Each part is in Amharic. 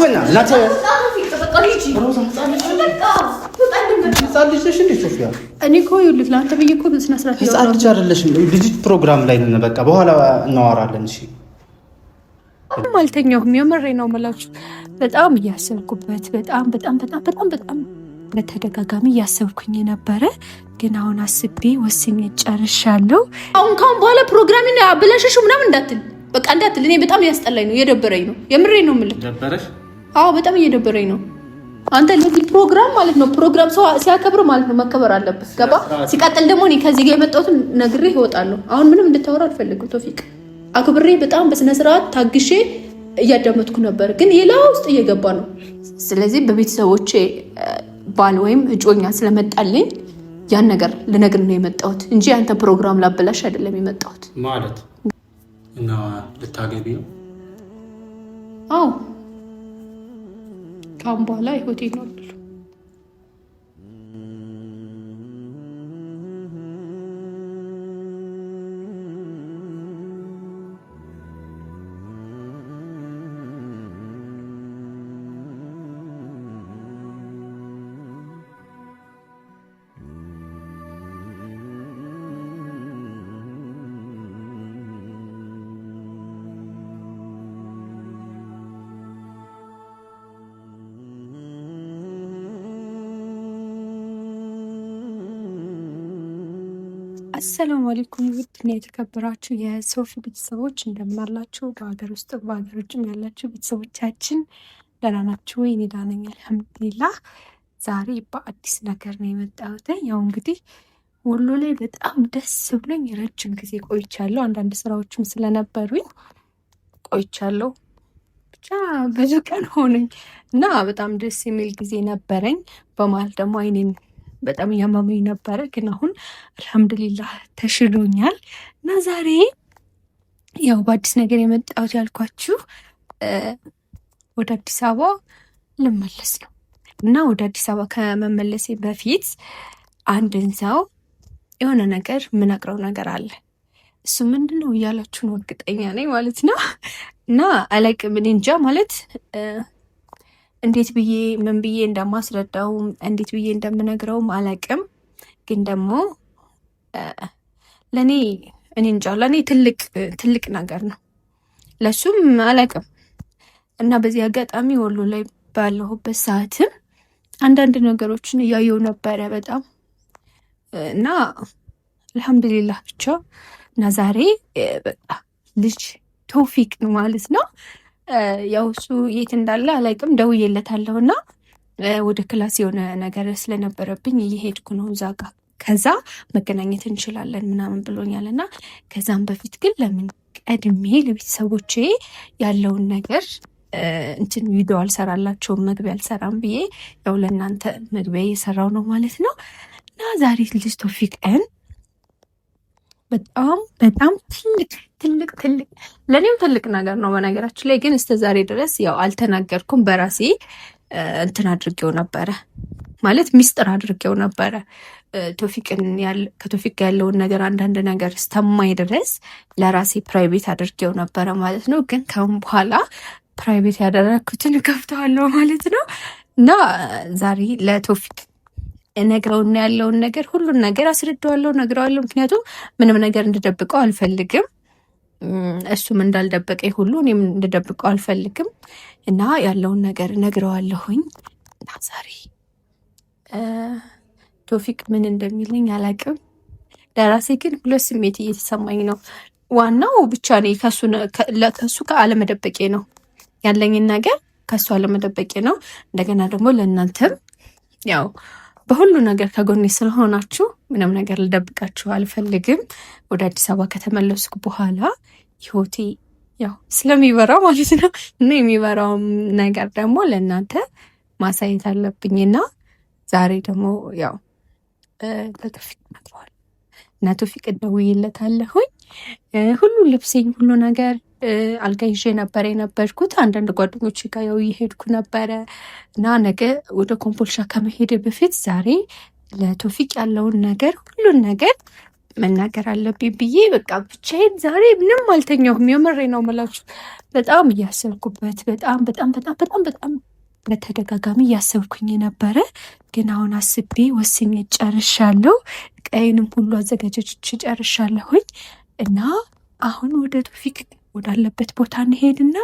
በእና እናት ህፃን ልጅ አይደለሽም። ልጅት ፕሮግራም ላይ ነን። በቃ በኋላ እናወራለን። እሺ አልተኛሁም። የምሬ ነው የምላችሁ። በጣም እያሰብኩበት በጣም በጣም በጣም በጣም በጣም በተደጋጋሚ እያሰብኩኝ የነበረ ግን አሁን አስቤ ወስኜ ጨርሻለሁ። አሁን ካሁን በኋላ ፕሮግራሚ ብለሽሹ ምናምን እንዳትል፣ በቃ እንዳትል። እኔ በጣም ያስጠላኝ ነው የደበረኝ ነው። የምሬ ነው የምልህ አዎ በጣም እየደበረኝ ነው። አንተ ለዚህ ፕሮግራም ማለት ነው ፕሮግራም ሰው ሲያከብር ማለት ነው መከበር አለበት። ገባ? ሲቀጥል ደግሞ እኔ ከዚህ ጋር የመጣሁትን ነግሬ እወጣለሁ። አሁን ምንም እንድታወራ አልፈልግም ቶፊቅ። አክብሬ በጣም በስነ ስርዓት ታግሼ እያዳመጥኩ ነበር፣ ግን ሌላ ውስጥ እየገባ ነው። ስለዚህ በቤተሰቦቼ ባል ወይም እጮኛ ስለመጣልኝ ያን ነገር ልነግር ነው የመጣሁት እንጂ አንተ ፕሮግራም ላበላሽ አይደለም የመጣሁት ማለት እና ልታገቢ ነው? አዎ ከአሁን በኋላ ህይወት ይኖራል። አሰላሙ አለይኩም ውድና የተከበራችሁ የሶፊ ቤተሰቦች እንደምናላችሁ፣ በሀገር ውስጥ በሀገር ውጭም ያላችሁ ቤተሰቦቻችን ደህና ናችሁ ወይ? እኔ ደህና ነኝ አልሐምዱሊላህ። ዛሬ በአዲስ ነገር ነው የመጣሁት። ያው እንግዲህ ወሎ ላይ በጣም ደስ ብሎኝ ረጅም ጊዜ ቆይቻለሁ። አንዳንድ ስራዎችም ስለነበሩኝ ቆይቻለሁ። ብቻ ብዙ ቀን ሆነኝ እና በጣም ደስ የሚል ጊዜ ነበረኝ። በመሀል ደግሞ አይኔን በጣም እያማመኝ ነበረ፣ ግን አሁን አልሐምዱሊላህ ተሽሎኛል እና ዛሬ ያው በአዲስ ነገር የመጣሁት ያልኳችሁ ወደ አዲስ አበባ ልመለስ ነው እና ወደ አዲስ አበባ ከመመለሴ በፊት አንድን ሰው የሆነ ነገር የምነግረው ነገር አለ። እሱ ምንድን ነው እያላችሁን ነው እርግጠኛ ነኝ ማለት ነው እና አላቅም እኔ እንጃ ማለት እንዴት ብዬ ምን ብዬ እንደማስረዳው እንዴት ብዬ እንደምነግረውም አላቅም። ግን ደግሞ ለእኔ እኔ እንጃ ለእኔ ትልቅ ትልቅ ነገር ነው፣ ለሱም አላቅም እና በዚህ አጋጣሚ ወሎ ላይ ባለሁበት ሰዓትም አንዳንድ ነገሮችን እያየው ነበረ በጣም እና አልሐምዱሊላህ ብቻ እና ዛሬ በቃ ልጅ ቶፊቅ ማለት ነው ያው እሱ የት እንዳለ አላውቅም፣ ደውዬለታለሁ እና ወደ ክላስ የሆነ ነገር ስለነበረብኝ እየሄድኩ ነው እዛ ጋር ከዛ መገናኘት እንችላለን ምናምን ብሎኛል እና ከዛም በፊት ግን ለምን ቀድሜ ለቤተሰቦቼ ያለውን ነገር እንትን ቪዲዮ አልሰራላቸውም መግቢያ አልሰራም ብዬ ያው ለእናንተ መግቢያ እየሰራው ነው ማለት ነው እና ዛሬ ልጅ ቶፊቅን በጣም በጣም ትልቅ ትልቅ ትልቅ ለእኔም ትልቅ ነገር ነው። በነገራችን ላይ ግን እስከ ዛሬ ድረስ ያው አልተናገርኩም። በራሴ እንትን አድርጌው ነበረ ማለት ሚስጥር አድርጌው ነበረ ቶፊቅን ከቶፊቅ ጋር ያለውን ነገር አንዳንድ ነገር ስተማኝ ድረስ ለራሴ ፕራይቬት አድርጌው ነበረ ማለት ነው። ግን ከአሁን በኋላ ፕራይቬት ያደረግኩትን ከፍተዋለሁ ማለት ነው እና ዛሬ ለቶፊቅ እነግረውና ያለውን ነገር ሁሉን ነገር አስረዳዋለሁ፣ ነግረዋለሁ። ምክንያቱም ምንም ነገር እንድደብቀው አልፈልግም። እሱም እንዳልደበቀ ሁሉ እኔም እንድደብቀው አልፈልግም እና ያለውን ነገር እነግረዋለሁኝ። እና ዛሬ ቶፊቅ ምን እንደሚልኝ አላቅም። ለራሴ ግን ሁለት ስሜት እየተሰማኝ ነው። ዋናው ብቻ ነው ከሱ ከአለመደበቄ ነው ያለኝን ነገር ከሱ አለመደበቄ ነው። እንደገና ደግሞ ለእናንተም ያው በሁሉ ነገር ከጎኔ ስለሆናችሁ ምንም ነገር ልደብቃችሁ አልፈልግም። ወደ አዲስ አበባ ከተመለስኩ በኋላ ህይወቴ ያው ስለሚበራው ማለት ነው እና የሚበራውም ነገር ደግሞ ለእናንተ ማሳየት አለብኝና ዛሬ ደግሞ ያው ለቶፊቅ መጥተዋል እና ቶፊቅ ደውዬለታለሁኝ። ሁሉ ልብሴኝ ሁሉ ነገር አልጋ ይዤ ነበር የነበርኩት። አንዳንድ ጓደኞች ጋር ያው እየሄድኩ ነበረ እና ነገ ወደ ኮምቦልቻ ከመሄድ በፊት ዛሬ ለቶፊቅ ያለውን ነገር ሁሉን ነገር መናገር አለብኝ ብዬ በቃ ብቻዬን ዛሬ ምንም አልተኛሁም። የምሬ ነው የምላችሁ። በጣም እያሰብኩበት በጣም በጣም በጣም በጣም በጣም በተደጋጋሚ እያሰብኩኝ ነበረ፣ ግን አሁን አስቤ ወስኜ ጨርሻለሁ። ቀይንም ሁሉ አዘጋጀች ጨርሻለሁኝ እና አሁን ወደ ቶፊቅ ወዳለበት ቦታ እንሄድና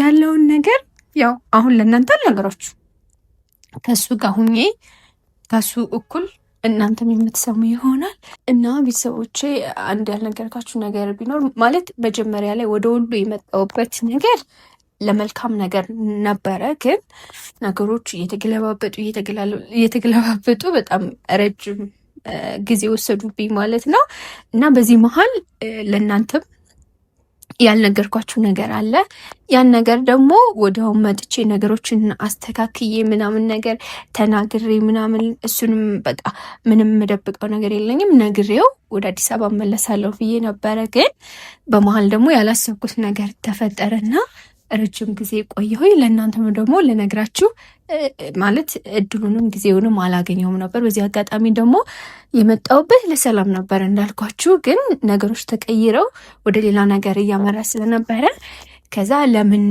ያለውን ነገር ያው አሁን ለእናንተ ነገሮች ከሱ ጋር ሁኜ ከሱ እኩል እናንተም የምትሰሙ ይሆናል እና ቤተሰቦቼ አንድ ያልነገርካችሁ ነገር ቢኖር ማለት መጀመሪያ ላይ ወደ ወሎ የመጣሁበት ነገር ለመልካም ነገር ነበረ። ግን ነገሮች እየተገለባበጡ እየተገለባበጡ በጣም ረጅም ጊዜ ወሰዱብኝ ማለት ነው እና በዚህ መሀል ለእናንተም ያልነገርኳችሁ ነገር አለ። ያን ነገር ደግሞ ወዲያውም መጥቼ ነገሮችን አስተካክዬ ምናምን ነገር ተናግሬ ምናምን እሱንም በቃ ምንም የምደብቀው ነገር የለኝም ነግሬው ወደ አዲስ አበባ መለሳለሁ ብዬ ነበረ። ግን በመሀል ደግሞ ያላሰብኩት ነገር ተፈጠረና ረጅም ጊዜ ቆየሁ። ለእናንተም ደግሞ ልነግራችሁ ማለት እድሉንም ጊዜውንም አላገኘውም ነበር። በዚህ አጋጣሚ ደግሞ የመጣውበት ለሰላም ነበር እንዳልኳችሁ፣ ግን ነገሮች ተቀይረው ወደ ሌላ ነገር እያመራ ስለነበረ ከዛ ለምን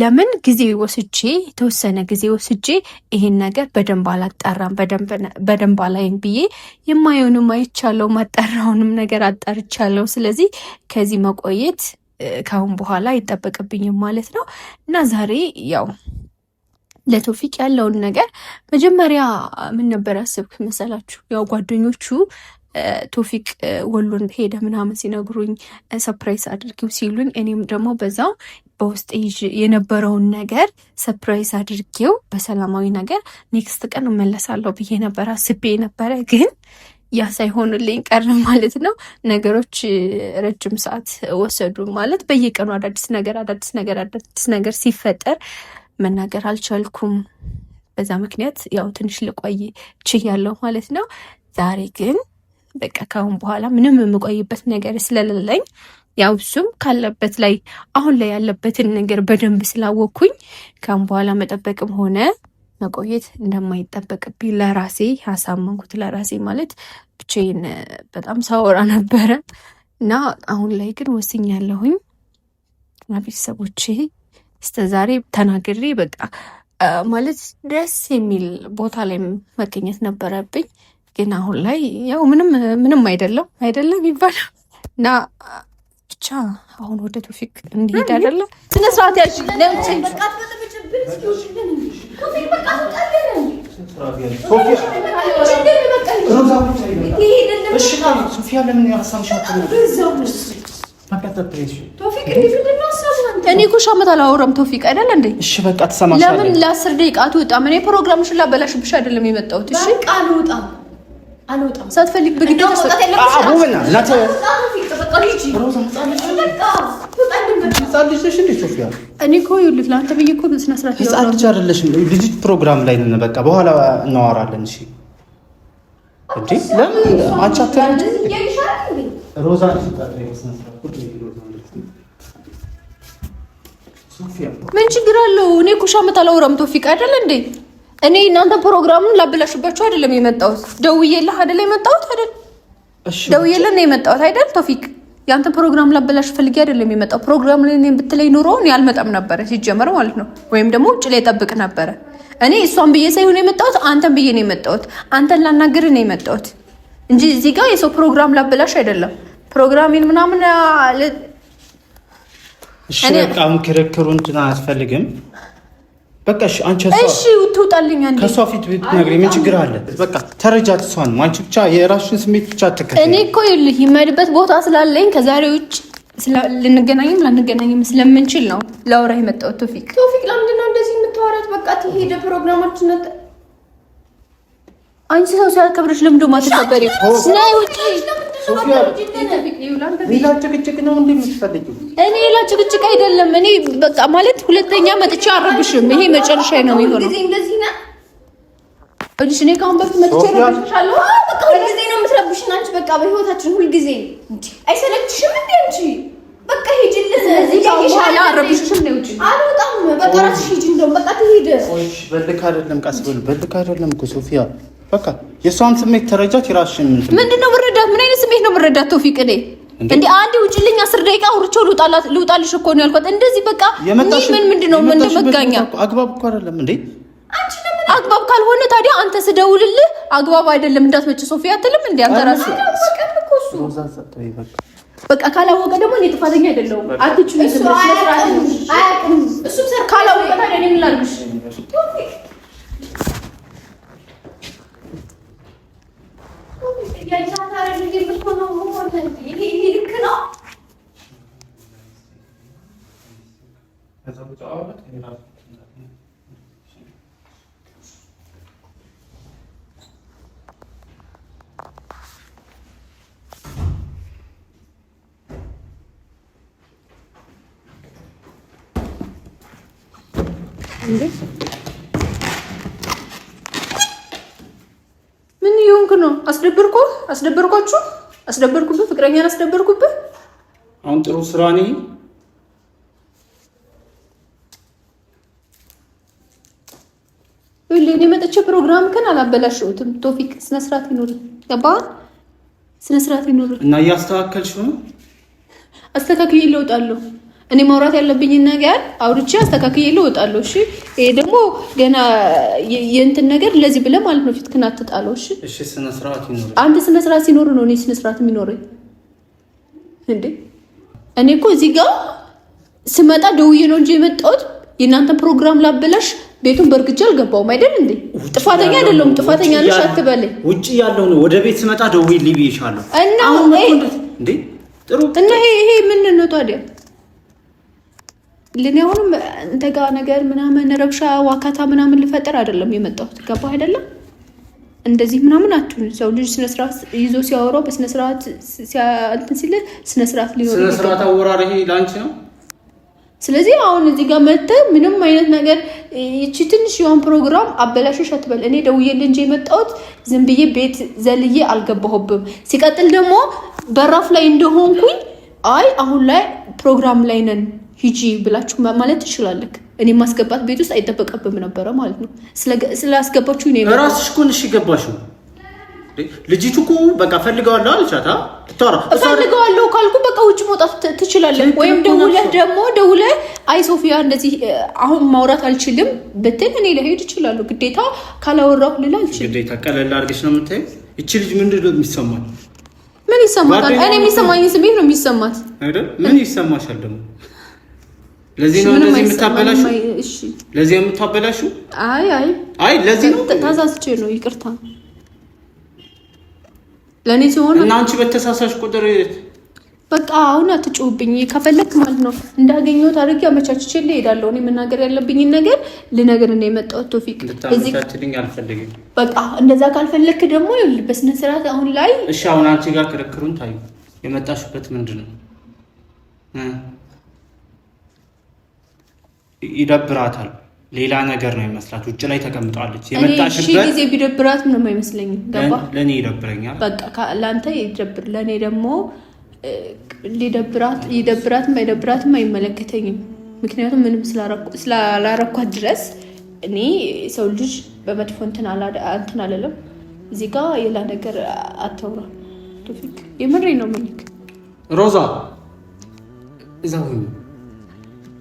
ለምን ጊዜ ወስጄ የተወሰነ ጊዜ ወስጄ ይሄን ነገር በደንብ አላጣራም፣ በደንብ አላይም ብዬ የማየውንም አይቻለው፣ ማጣራውንም ነገር አጣርቻለው። ስለዚህ ከዚህ መቆየት ከአሁን በኋላ አይጠበቅብኝም ማለት ነው እና ዛሬ ያው ለቶፊቅ ያለውን ነገር መጀመሪያ ምን ነበር ያስብክ መሰላችሁ? ያው ጓደኞቹ ቶፊቅ ወሎን ሄደ ምናምን ሲነግሩኝ ሰፕራይዝ አድርጊው ሲሉኝ እኔም ደግሞ በዛው በውስጥ ይዤ የነበረውን ነገር ሰፕራይዝ አድርጌው በሰላማዊ ነገር ኔክስት ቀን እመለሳለሁ ብዬ ነበር አስቤ ነበረ ግን ያ ሳይሆንልኝ ቀር ማለት ነው። ነገሮች ረጅም ሰዓት ወሰዱ ማለት በየቀኑ አዳዲስ ነገር አዳዲስ ነገር አዳዲስ ነገር ሲፈጠር መናገር አልቻልኩም። በዛ ምክንያት ያው ትንሽ ልቆይ ችያለሁ ማለት ነው። ዛሬ ግን በቃ ካሁን በኋላ ምንም የምቆይበት ነገር ስለሌለኝ ያው እሱም ካለበት ላይ አሁን ላይ ያለበትን ነገር በደንብ ስላወቅኩኝ ካሁን በኋላ መጠበቅም ሆነ መቆየት እንደማይጠበቅብኝ ለራሴ ያሳመንኩት ለራሴ ማለት ብቻዬን በጣም ሳወራ ነበረ እና አሁን ላይ ግን ወስኛለሁኝ። ቤተሰቦቼ እስከ ዛሬ ተናግሬ በቃ ማለት ደስ የሚል ቦታ ላይ መገኘት ነበረብኝ፣ ግን አሁን ላይ ያው ምንም ምንም አይደለም አይደለም ይባላል እና ብቻ አሁን ወደ ቶፊክ እንዲሄድ አይደለም ስነስርዓት ያሽ እኔ እኮ ሻመት አላወራም። ቶፊቅ አይደል እንዴ? እሺ በቃ ተሰማሽ። ለምን ለአስር ደቂቃ አትወጣም? እኔ ፕሮግራምሽን ላበላሽብሽ አይደለም የመጣሁት። እሺ በቃ አልወጣም፣ አልወጣም ሳትፈልግ በግድ ህፃን ልጅ ነሽ እንዴ ሶፊያ? እኔ እኮ ይኸውልህ ለአንተ እኮ ስነ ስርዓት ህፃን ልጅ አይደለሽም። ልጅ ፕሮግራም ላይ ነን። በቃ በኋላ እናወራለን። እሺ እንዴ ለምን አንቺ ሮዛ ምን ችግር አለው? እኔ እኮ ሻመት አላወራም ቶፊቅ አይደል እንዴ? እኔ እናንተ ፕሮግራሙን ላበላሽባችሁ አይደለም የመጣሁት። ደውዬልህ የመጣሁት አይደል? ደውዬልህ ነው የመጣሁት አይደል ቶፊቅ ያንተ ፕሮግራም ላበላሽ ፈልጌ አይደለም የመጣው ፕሮግራም ላይ እኔን ብትለኝ ኑሮ እኔ አልመጣም ነበረ ሲጀመር ማለት ነው። ወይም ደግሞ ውጭ ላይ ጠብቅ ነበረ። እኔ እሷን ብዬ ሳይሆን የመጣሁት አንተን ብዬ ነው የመጣሁት። አንተን ላናግር ነው የመጣሁት እንጂ እዚህ ጋር የሰው ፕሮግራም ላበላሽ አይደለም። ፕሮግራሚን ምናምን እሺ፣ በጣም ክርክሩን እንትን አያስፈልግም። በቃ እሺ፣ አንቺ እሺ፣ ትውጣልኝ አንዴ። ከሷ ፊት ቤት ነግሪ፣ ምን ችግር አለ? በቃ ተረጃት እሷን። አንቺ ብቻ የራስሽን ስሜት ብቻ አትከተይ። እኔ እኮ ይኸውልህ የምሄድበት ቦታ ስላለኝ ከዛሬ ውጭ ልንገናኝም ላንገናኝም ስለምንችል ነው ላወራህ የመጣሁት። ቶፊቅ ቶፊቅ፣ ለምንድን ነው እንደዚህ የምታወራት? በቃ ትሄደ ፕሮግራማችን ነው። አንቺ ሰው ሲያከብርሽ ለምንድን ነው የማትከበሪው? ስናይ ውጪ ሶፊያ፣ ጭቅጭቅ ነው እንደምትፈልጊው እኔ ላጭቅጭቅ አይደለም። እኔ በቃ ማለት ሁለተኛ መጥቼ አረብሽም። ይሄ መጨረሻ ነው የሚሆነው። እሺ እኔ ካሁን በፊት መጥቼ ረብሻለሁ። በቃ ሁልጊዜ ነው የምትረብሽን አንቺ። በቃ በህይወታችን ሁልጊዜ አይሰለችሽም እንዴ አንቺ? በቃ ሂጂልን። ስለዚህ ካሁን አረብሽሽም ነው እንጂ አልወጣም። በቃ ራስሽ ሂጂ። እንደውም በቃ ትሄድ። እሺ በልክ አይደለም፣ ቀስ ብሎ በልክ አይደለም እኮ ሶፊያ። በቃ የእሷን ስሜት ተረጃት። ይራሽን ምንድን ነው መረዳት? ምን አይነት ስሜት ነው ምረዳት? ተውፊቅ እኔ እንዴ አንዴ ውጭልኝ አስር ደቂቃ አውርቼው ልውጣላት ልውጣልሽ እኮ ነው ያልኳት። እንደዚህ በቃ ይህ ምን ምንድን ነው? ምን መጋኛ አግባብ እኮ አይደለም እንዴ። አግባብ ካልሆነ ታዲያ አንተ ስደውልልህ አግባብ አይደለም እንዳትመጭ ሶፊያ አትልም እንዴ አንተ ራስህ በቃ ካላወቀ ደግሞ እኔ ጥፋተኛ አይደለሁም። አትችሉ ካላወቀ ታዲያ እኔ ምን ላድርግሽ? Geçenlerde gibi konuğumu konuştu. Yeni yeni kına. Also haben wir gearbeitet, genau. Şimdi እየተጠቀምክ ነው። አስደበርኩ አስደበርኳችሁ አስደበርኩብህ፣ ፍቅረኛን አስደበርኩብህ። አሁን ጥሩ ስራ ነኝ። ሁሌ መጥቼ ፕሮግራምክን አላበላሽሁትም። ቶፊቅ ስነ ስርዓት ይኖር ገባህ? ስነ ስርዓት ይኖር እና እያስተካከልሽ ነው። አስተካክዬ እለውጣለሁ። እኔ ማውራት ያለብኝን ነገር አውርቼ አስተካክዬ እወጣለሁ። እሺ፣ ይሄ ደግሞ ገና የእንትን ነገር ለዚህ ብለህ ማለት ነው ፊትክን አትጣለው። እሺ፣ አንተ ስነ ስርዓት ሲኖር ነው እኔ ስነ ስርዓት የሚኖረኝ እንዴ። እኔ እኮ እዚህ ጋር ስመጣ ደውዬ ነው እንጂ የመጣሁት የእናንተ ፕሮግራም ላበላሽ ቤቱን በእርግጃ አልገባውም አይደል እንዴ? ጥፋተኛ አይደለሁም። ጥፋተኛ ነሽ አትበለኝ። ውጭ ያለው ነው ወደ ቤት ስመጣ ደውዬ ሊብ ይሻለሁ እና ይሄ ይሄ ምን ነው ታዲያ ለኔ አሁንም ጋ ነገር ምናምን ረብሻ ዋካታ ምናምን ልፈጠር አይደለም የመጣሁት። ገባ አይደለም እንደዚህ ምናምን አትሁን። ሰው ልጅ ስነስርዓት ይዞ ሲያወራው በስነስርዓት እንትን ሲል ስነስርዓት ሊኖር ስነስርዓት አወራር ይሄ ላንቺ ነው። ስለዚህ አሁን እዚህ ጋር መጥተህ ምንም አይነት ነገር ይቺ ትንሽ የሆን ፕሮግራም አበላሽሽ አትበል። እኔ ደውዬልህ እንጂ የመጣሁት ዝም ብዬ ቤት ዘልዬ አልገባሁብም። ሲቀጥል ደግሞ በራፍ ላይ እንደሆንኩኝ አይ አሁን ላይ ፕሮግራም ላይ ነን ሂጂ ብላችሁ ማለት ትችላለህ። እኔ ማስገባት ቤት ውስጥ አይጠበቀብም ነበረ ማለት ነው። ስለአስገባችሁ ራስሽ እኮ ነሽ የገባሽው። ልጅቱ እኮ በቃ ፈልገዋለሁ አልቻታ ታራ ፈልገዋለሁ ካልኩ በቃ ውጭ መውጣት ትችላለህ። ወይም ደውለህ ደግሞ ደውለህ አይ ሶፊያ እንደዚህ አሁን ማውራት አልችልም ብትል እኔ ለሄድ እችላለሁ። ግዴታ ካላወራሁ ልል አልችልም። ግዴታ ቀለል አድርገሽ ነው የምታይ። እቺ ልጅ ምንድን ነው የሚሰማል? ምን ይሰማታል? እኔ የሚሰማኝ ስሜት ነው የሚሰማት። ምን ይሰማሻል ደግሞ ለዚህ ነው እንደዚህ የምታበላሹ? ለዚህ ነው የምታበላሹ? አይ አይ አይ ለዚህ ነው ተሳስቼ ነው ይቅርታ። ለኔ ሲሆን እና አንቺ በተሳሳሽ ቁጥር በቃ አሁን አትጮህብኝ። ከፈለክ ማለት ነው እንዳገኘሁት አድርጌ አመቻችቼ እሄዳለሁ። እኔ መናገር ያለብኝን ነገር ልነግርህ ነው የመጣሁት። ቶፊቅ በቃ እንደዛ ካልፈለክ ደግሞ በስነ ስርዓት አሁን ላይ እሺ። አሁን አንቺ ጋር ክርክሩን ታዩ የመጣሽበት ምንድን ነው? ይደብራታል። ሌላ ነገር ነው ይመስላት። ውጭ ላይ ተቀምጠዋለች። የመጣሽበት ጊዜ ቢደብራት ምንም አይመስለኝም። ገባ? ለእኔ ይደብረኛል። በቃ ለአንተ ይደብር፣ ለእኔ ደግሞ ሊደብራት ይደብራትም አይደብራትም አይመለከተኝም። ምክንያቱም ምንም ስላላረኳት ድረስ እኔ ሰው ልጅ በመጥፎ እንትን አለለም። እዚህ ጋ ሌላ ነገር አታውራ። የምሬ ነው። መኝክ ሮዛ እዛ ሁኝ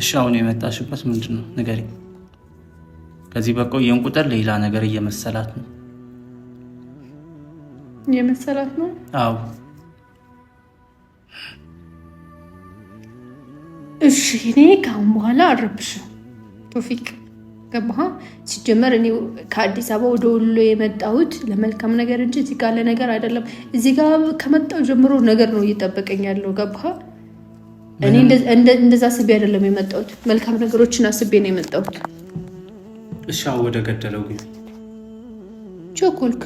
እሺ አሁን የመጣሽበት ምንድን ነው ንገሪኝ። ከዚህ በቆየን ቁጥር ሌላ ነገር እየመሰላት ነው እየመሰላት ነው። አዎ እሺ፣ እኔ ከአሁን በኋላ አረብሽ ቶፊቅ ገባ። ሲጀመር እኔ ከአዲስ አበባ ወደ ወሎ የመጣሁት ለመልካም ነገር እንጂ እዚህ ጋር ለነገር አይደለም። እዚህ ጋር ከመጣሁ ጀምሮ ነገር ነው እየጠበቀኝ ያለው ገባ። እኔ እንደዛ አስቤ አይደለም የመጣሁት። መልካም ነገሮችን አስቤ ነው የመጣሁት። እሺ ወደ ገደለው ግን ቸኮልክ።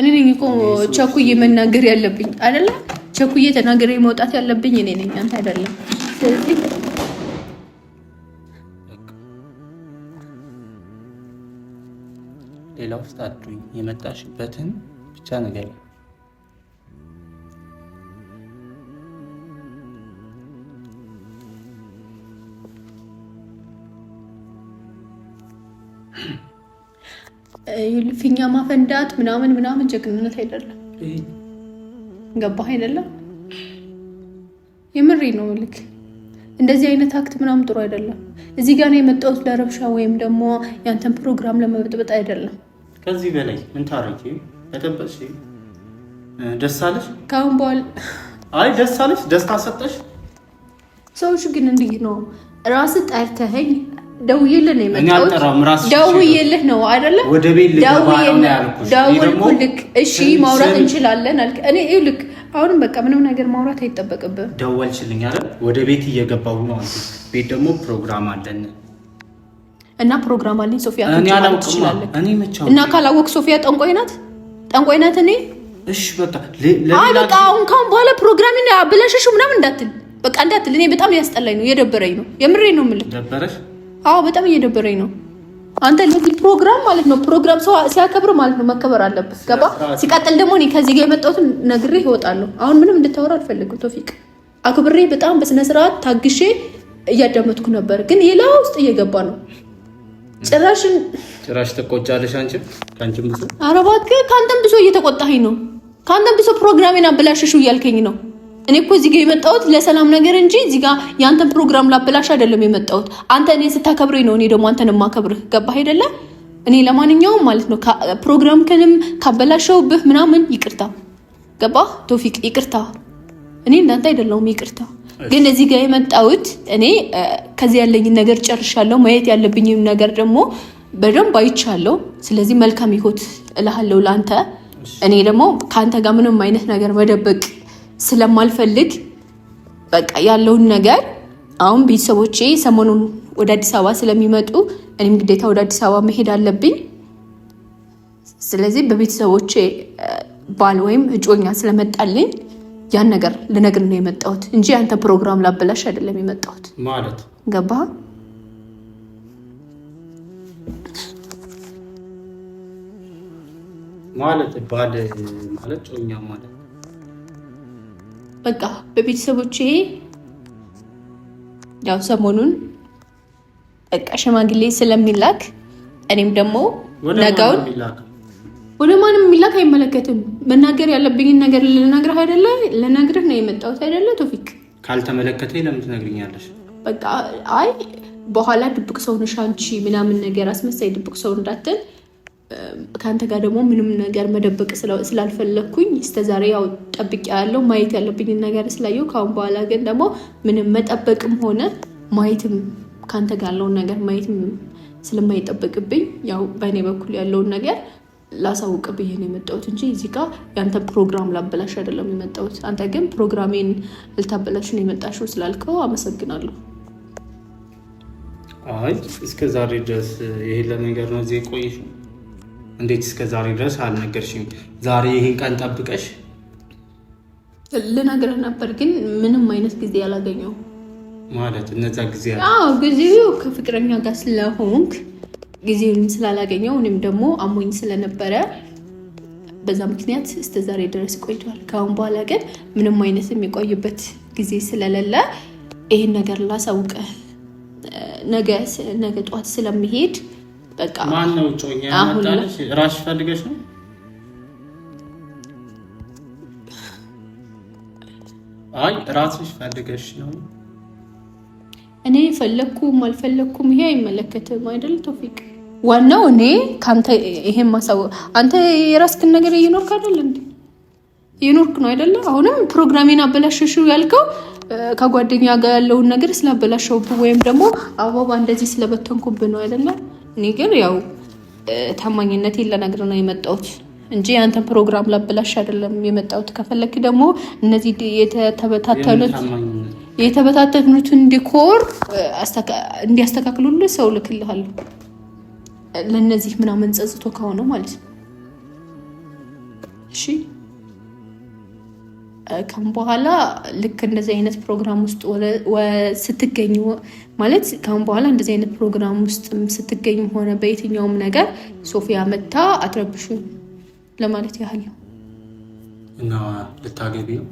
እኔ ነኝ እኮ ቸኩዬ መናገር ያለብኝ አይደለ? ቸኩዬ ተናገሬ መውጣት ያለብኝ እኔ ነኝ፣ አንተ አይደለም። ስለዚህ ሌላ ውስጥ አዱኝ የመጣሽበትን ብቻ ነገር ፊኛ ማፈንዳት ምናምን ምናምን ጀግንነት አይደለም። ገባህ አይደለም? የምሬ ነው። ልክ እንደዚህ አይነት አክት ምናምን ጥሩ አይደለም። እዚህ ጋር የመጣሁት ለረብሻ ወይም ደግሞ ያንተን ፕሮግራም ለመበጥበጥ አይደለም። ከዚህ በላይ ምን ታረቂ? በጠበሽ ደስ አለሽ? ከአሁን በኋላ አይ ደስ አለሽ፣ ደስታ ሰጠሽ። ሰዎች ግን እንዲህ ነው ራስ ጠርተኸኝ ደውዬልህ ነው የመጣሁት። ደውዬልህ ነው አይደለም? ደውዬልህ እሺ ማውራት እንችላለን አልክ። እኔ ይኸውልህ አሁንም በቃ ምንም ነገር ማውራት አይጠበቅብህም። ደወልሽልኝ አይደል? ወደ ቤት እየገባሁ ነው። ቤት ደግሞ ፕሮግራም አለን እና ፕሮግራም አለኝ ሶፊያ እና ካላወቅ ሶፊያ ጠንቋይ ናት፣ ጠንቋይ ናት። እኔ እሺ በቃ በቃ አሁን ካሁን በኋላ ፕሮግራም ብለሽሽ ምናምን እንዳትል፣ በቃ እንዳትል። እኔ በጣም ያስጠላኝ ነው የደበረኝ ነው የምሬ ነው የምልህ አዎ በጣም እየደበረኝ ነው። አንተ ለዚህ ፕሮግራም ማለት ነው ፕሮግራም ሰው ሲያከብር ማለት ነው መከበር አለበት። ገባ? ሲቀጥል ደግሞ እኔ ከዚህ ጋር የመጣሁትን ነግሬ እወጣለሁ። አሁን ምንም እንድታወራ አልፈልግም ቶፊቅ። አክብሬ በጣም በስነ ስርዓት ታግሼ እያዳመጥኩ ነበር፣ ግን ሌላ ውስጥ እየገባ ነው። ጭራሽን ጭራሽ ትቆጫለሽ አንቺ ከአንቺም ብሶ ኧረ እባክህ ከአንተም ብሶ እየተቆጣኸኝ ነው። ከአንተም ብሶ ፕሮግራሜን አበላሸሽው እያልከኝ ነው። እኔ እኮ እዚህ ጋ የመጣሁት ለሰላም ነገር እንጂ እዚህ የአንተን ፕሮግራም ላበላሽ አይደለም የመጣሁት። አንተ እኔ ስታከብረኝ ነው እኔ ደግሞ አንተን የማከብርህ። ገባህ አይደለ? እኔ ለማንኛውም ማለት ነው ፕሮግራም ከንም ካበላሸውብህ ምናምን ይቅርታ። ገባህ ቶፊቅ? ይቅርታ። እኔ እንዳንተ አይደለሁም። ይቅርታ። ግን እዚህ ጋ የመጣሁት እኔ ከዚህ ያለኝን ነገር ጨርሻለሁ። ማየት ያለብኝም ነገር ደግሞ በደንብ አይቻለሁ። ስለዚህ መልካም ይሆት እልሃለሁ ለአንተ። እኔ ደግሞ ከአንተ ጋር ምንም አይነት ነገር መደበቅ ስለማልፈልግ በቃ ያለውን ነገር አሁን ቤተሰቦቼ ሰሞኑን ወደ አዲስ አበባ ስለሚመጡ እኔም ግዴታ ወደ አዲስ አበባ መሄድ አለብኝ። ስለዚህ በቤተሰቦቼ ባል ወይም እጮኛ ስለመጣልኝ ያን ነገር ልነግር ነው የመጣሁት እንጂ ያንተ ፕሮግራም ላበላሽ አይደለም የመጣሁት። ማለት ገባህ? ማለት ባል ማለት ጮኛ ማለት በቃ በቤተሰቦቼ ያው ሰሞኑን በቃ ሽማግሌ ስለሚላክ እኔም ደግሞ ነጋውን ወደ ማንም የሚላክ አይመለከትም። መናገር ያለብኝን ነገር ልነግርህ አይደለ ልነግርህ ነው የመጣሁት አይደለ ቶፊክ። ካልተመለከተ ለምን ትነግርኛለሽ? በቃ አይ በኋላ ድብቅ ሰው ምናምን ነገር አስመሳይ ድብቅ ሰው እንዳትል ከአንተ ጋር ደግሞ ምንም ነገር መደበቅ ስላልፈለግኩኝ እስከዛሬ ያው ጠብቅ ያለው ማየት ያለብኝን ነገር ስላየው፣ ከአሁን በኋላ ግን ደግሞ ምንም መጠበቅም ሆነ ማየትም ከአንተ ጋር ያለውን ነገር ማየትም ስለማይጠበቅብኝ ያው በእኔ በኩል ያለውን ነገር ላሳውቅ ብዬ ነው የመጣሁት እንጂ እዚህ ጋ የአንተ ፕሮግራም ላበላሽ አይደለም የመጣሁት። አንተ ግን ፕሮግራሜን ልታበላሽ ነው የመጣሽው ስላልከው አመሰግናለሁ። አይ እስከ ዛሬ ድረስ ይሄ ለነገር ነው እዚህ የቆየሽው። እንዴት እስከ ዛሬ ድረስ አልነገርሽኝ ዛሬ ይህን ቀን ጠብቀሽ ልነግርህ ነበር፣ ግን ምንም አይነት ጊዜ አላገኘው ማለት እነዛ ጊዜ ጊዜው ከፍቅረኛ ጋር ስለሆንክ ጊዜውን ስላላገኘው እኔም ደግሞ አሞኝ ስለነበረ በዛ ምክንያት እስከ ዛሬ ድረስ ቆይቷል። ከአሁን በኋላ ግን ምንም አይነት የሚቆይበት ጊዜ ስለሌለ ይህን ነገር ላሳውቅህ ነገ ጠዋት ስለሚሄድ በቃ ጮኛ ያመጣልሽ? ራስሽ ፈልገሽ ነው? አይ ራስሽ ፈልገሽ ነው። እኔ ፈለግኩም አልፈለግኩም ይሄ አይመለከትም አይደል ቶፊቅ። ዋናው እኔ ከአንተ ይሄን ማሳወቅ አንተ የራስክን ነገር እየኖርክ አይደል እንዴ? ነው አይደለ? አሁንም ፕሮግራሜን አበላሸሽው ያልከው ከጓደኛ ጋር ያለውን ነገር ስላበላሸውብ ወይም ደግሞ አበባ እንደዚህ ስለበተንኩብ ነው አይደለም እኔ ግን ያው ታማኝነቴን ልነግር ነው የመጣሁት እንጂ ያንተን ፕሮግራም ላበላሽ አይደለም የመጣሁት። ከፈለክ ደግሞ እነዚህ የተበታተኑት የተበታተኑትን ዲኮር እንዲያስተካክሉልህ ሰው ልክልሃለሁ። ለእነዚህ ምናምን ጸጽቶ ከሆነ ማለት ነው። እሺ ከም በኋላ ልክ እንደዚህ አይነት ፕሮግራም ውስጥ ስትገኝ ማለት ካሁን በኋላ እንደዚህ አይነት ፕሮግራም ውስጥ ስትገኝም ሆነ በየትኛውም ነገር ሶፊያ መታ አትረብሹ ለማለት ያህል ነው። እና ልታገቢ ነው?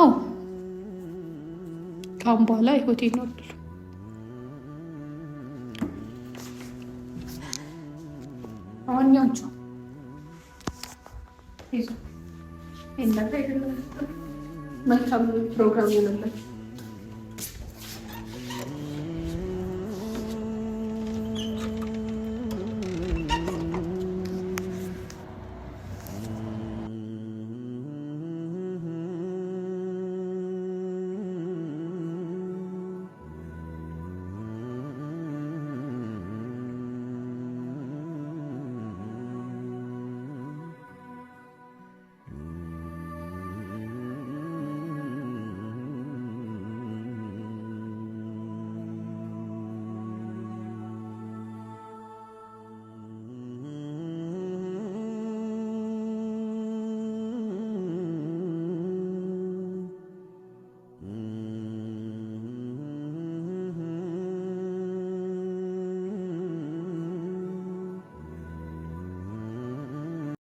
አዎ፣ ካሁን በኋላ ህይወቴ ይኖርሉ። መልካም ፕሮግራም ነበር።